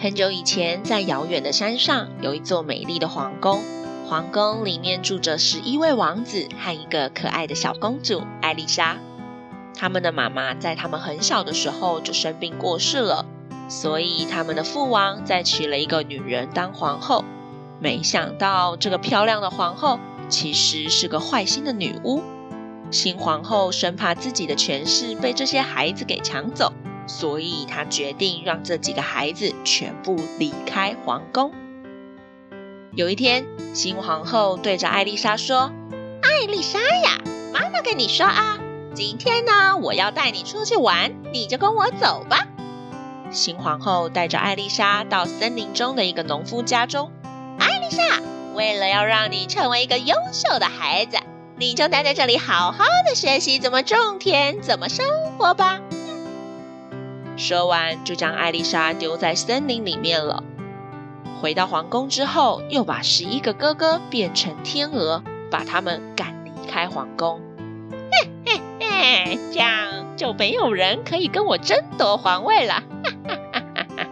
很久以前，在遙遠的山上，有一座美麗的皇宮。皇宮裡面住着十一位王子和一個可愛的小公主艾麗莎。他們的媽媽在他們很小的時候就生病過世了，所以他們的父王再娶了一個女人當皇後。沒想到，這個漂亮的皇後其實是個壞心的女巫。新皇后生怕自己的權勢被這些孩子給搶走。所以，她決定讓這幾個孩子全部離開皇宮。有一天，新皇後對着艾麗莎說：“艾麗莎呀，媽媽跟你說啊，今天呢，我要帶你出去玩，你就跟我走吧。”新皇后帶着艾麗莎到森林中的一個農夫家中。艾麗莎，為了要讓你成為一個優秀的孩子，你就待在這裡，好好的學習怎麼種田，怎麼生活吧。說完，就將艾麗莎丟在森林裡面了。回到皇宮之後，又把十一個哥哥變成天鵝，把他們趕離開皇宮。嘿嘿嘿，這樣就沒有人可以跟我爭奪皇位了。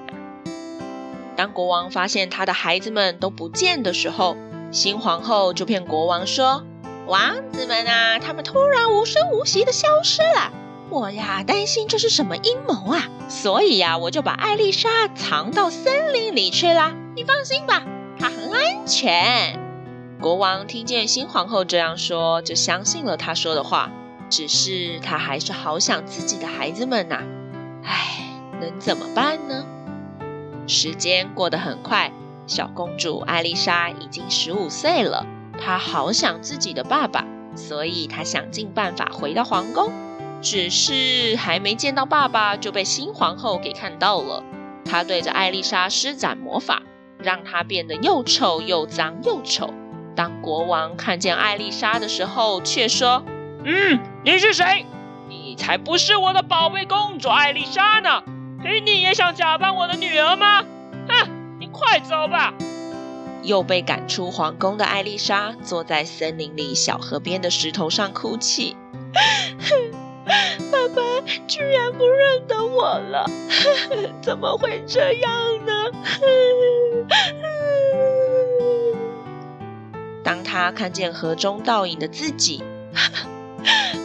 當國王發現他的孩子們都不見的時候，新皇後就騙國王說：“王子們啊，他們突然無聲無息地消失了。”我呀，擔心這是什麼陰謀啊，所以呀，我就把艾麗莎藏到森林裡去了。你放心吧，她很安全。國王聽見新皇後這樣說，就相信了她說的話。只是他還是好想自己的孩子們吶、啊。唉，能怎麼辦呢？時間過得很快，小公主艾麗莎已經十五歲了。她好想自己的爸爸，所以她想盡辦法回到皇宮。只是還沒見到爸爸，就被新皇后給看到了。她對着艾麗莎施展魔法，讓她變得又臭又髒又醜。當國王看見艾麗莎的時候，却說：“嗯，你是誰？你才不是我的寶貝公主艾麗莎呢！嘿，你也想假扮我的女兒嗎？哼、啊，你快走吧！”又被趕出皇宮的艾麗莎，坐在森林裡小河邊的石頭上哭泣。 居然不認得我了，呵呵，怎麼會這樣呢？當他看見河中倒影的自己，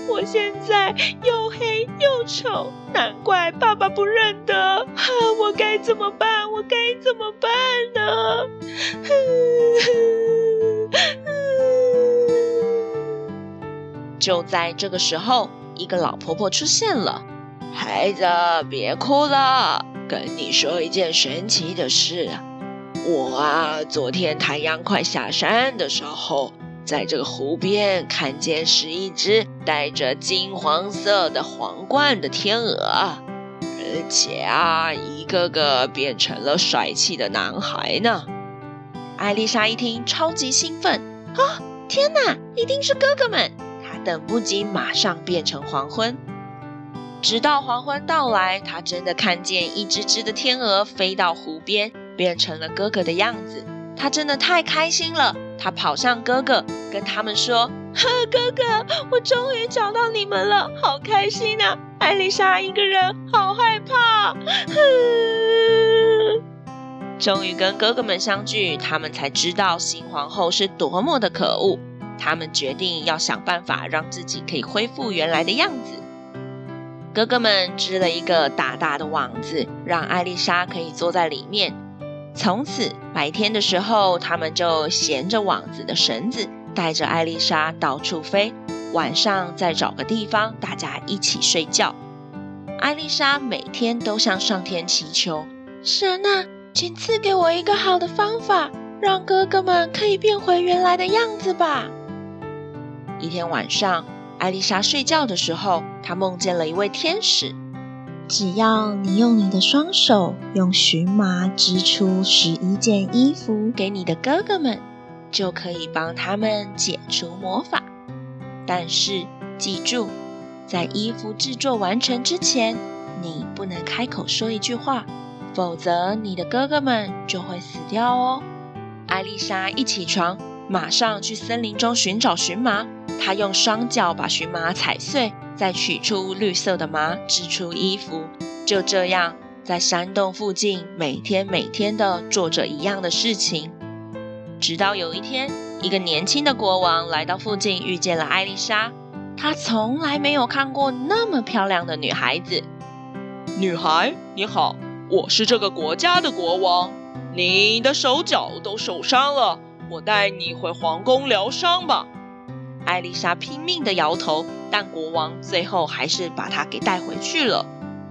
我現在又黑又醜，難怪爸爸不認得。啊，我該怎麼辦？我該怎麼辦呢？就在這個時候。一個老婆婆出現了，孩子別哭了，跟你說一件神奇的事。我啊，昨天太陽快下山的時候，在這個湖邊看見是一隻戴着金黃色的皇冠的天鵝，而且啊，一個個變成了帥氣的男孩呢。艾麗莎一聽，超級興奮啊，哦！天哪，一定是哥哥們。等不及，馬上變成黃昏。直到黃昏到來，他真的看見一只只的天鵝飛到湖邊，變成了哥哥的樣子。他真的太開心了，他跑向哥哥，跟他們說呵：“哥哥，我終於找到你們了，好開心啊！”艾麗莎一個人好害怕。終於跟哥哥們相聚，他們才知道新皇後是多麼的可惡。他們決定要想辦法讓自己可以恢復原來的樣子。哥哥們織了一個大大的網子，讓艾麗莎可以坐在裡面。從此，白天的時候，他們就銜着網子的繩子，帶着艾麗莎到處飛；晚上再找個地方，大家一起睡覺。艾麗莎每天都向上天祈求：“神吶，請賜給我一個好的方法，讓哥哥們可以變回原來的樣子吧。”一天晚上，艾麗莎睡覺的時候，她夢見了一位天使。只要你用你的雙手用蕁麻織出十一件衣服給你的哥哥們，就可以幫他們解除魔法。但是記住，在衣服製作完成之前，你不能開口說一句話，否則你的哥哥們就會死掉哦。艾麗莎一起床，馬上去森林中尋找蕁麻，他用雙腳把蕁麻踩碎，再取出綠色的麻織出衣服。就這樣，在山洞附近，每天每天的做着一樣的事情，直到有一天，一個年輕的國王來到附近，遇見了艾麗莎。他從來沒有看過那麼漂亮的女孩子。女孩，你好，我是這個國家的國王。你的手腳都受傷了。我帶你回皇宮療傷吧。艾麗莎拼命的搖頭，但國王最後還是把她給帶回去了。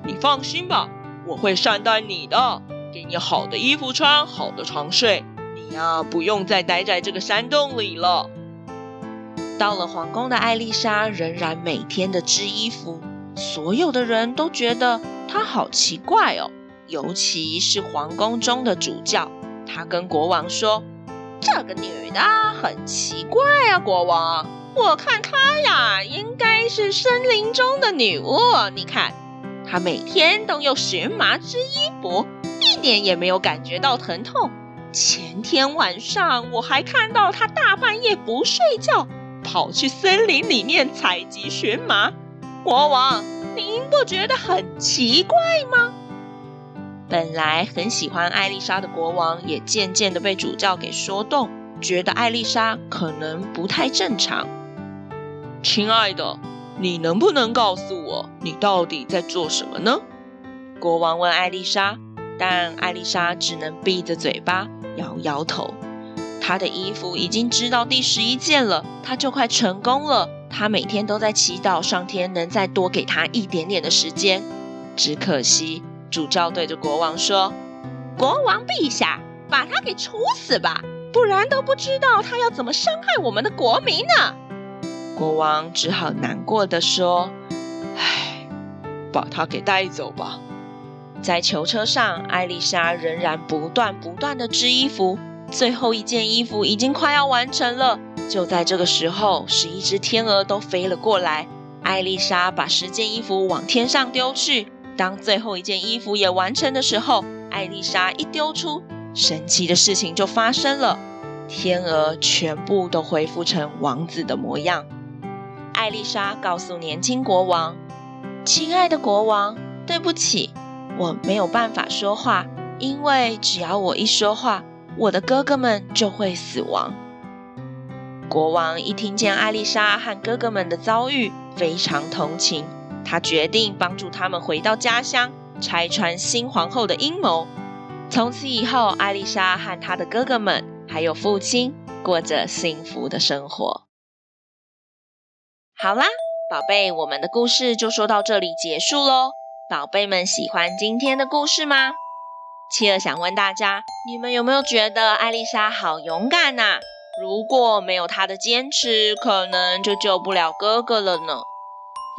你放心吧，我會善待你的，給你好的衣服穿，好的床睡。你呀，不用再待在這個山洞裡了。到了皇宮的艾麗莎，仍然每天的織衣服。所有的人都覺得她好奇怪哦，尤其是皇宮中的主教，他跟國王說。這個女的很奇怪啊，國王。我看她呀，應該是森林中的女巫。你看，她每天都用蕁麻織衣服，一點也沒有感覺到疼痛。前天晚上我還看到她大半夜不睡覺，跑去森林裡面採集蕁麻。國王，您不覺得很奇怪嗎？本來很喜歡艾麗莎的國王，也漸漸地被主教給說動，覺得艾麗莎可能不太正常。親愛的，你能不能告訴我，你到底在做什麼呢？國王問艾麗莎，但艾麗莎只能閉着嘴巴，搖搖頭。她的衣服已經織到第十一件了，她就快成功了。她每天都在祈禱，上天能再多給她一點點的時間。只可惜，主教對着國王說：“國王陛下，把他給處死吧，不然都不知道他要怎麼傷害我們的國民呢。”國王只好難過的說：“唉，把他給帶走吧。”在囚車上，艾麗莎仍然不斷不斷的織衣服，最後一件衣服已經快要完成了。就在這個時候，十一隻天鵝都飛了過來，艾麗莎把十件衣服往天上丟去。當最後一件衣服也完成的時候，艾麗莎一丟出，神奇的事情就發生了，天鵝全部都恢復成王子的模樣。艾麗莎告訴年輕國王：“親愛的國王，對不起，我沒有辦法說話，因為只要我一說話，我的哥哥們就會死亡。”國王一聽見艾麗莎和哥哥們的遭遇，非常同情。他決定幫助他們回到家鄉，拆穿新皇後的陰謀。從此以後，艾麗莎和她的哥哥們，還有父親，過着幸福的生活。好啦，寶貝，我們的故事就說到這裡結束嘍。寶貝們喜歡今天的故事嗎？企鵝想問大家，你們有沒有覺得艾麗莎好勇敢吶、啊？如果沒有她的堅持，可能就救不了哥哥了呢。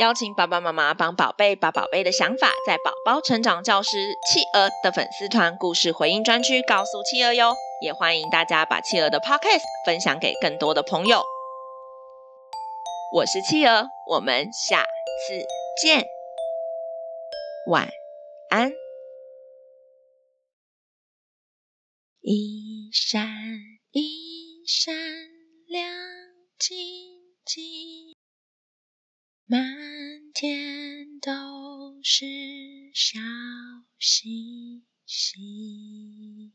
邀請爸爸媽媽幫寶貝把寶貝的想法，在寶寶成長教室企鵝的粉絲團故事回應專區告訴企鵝喲。也歡迎大家把企鵝的 Podcast 分享給更多的朋友。我是企鵝，我們下次見，晚安。一閃一閃亮晶晶，滿天都是小星星。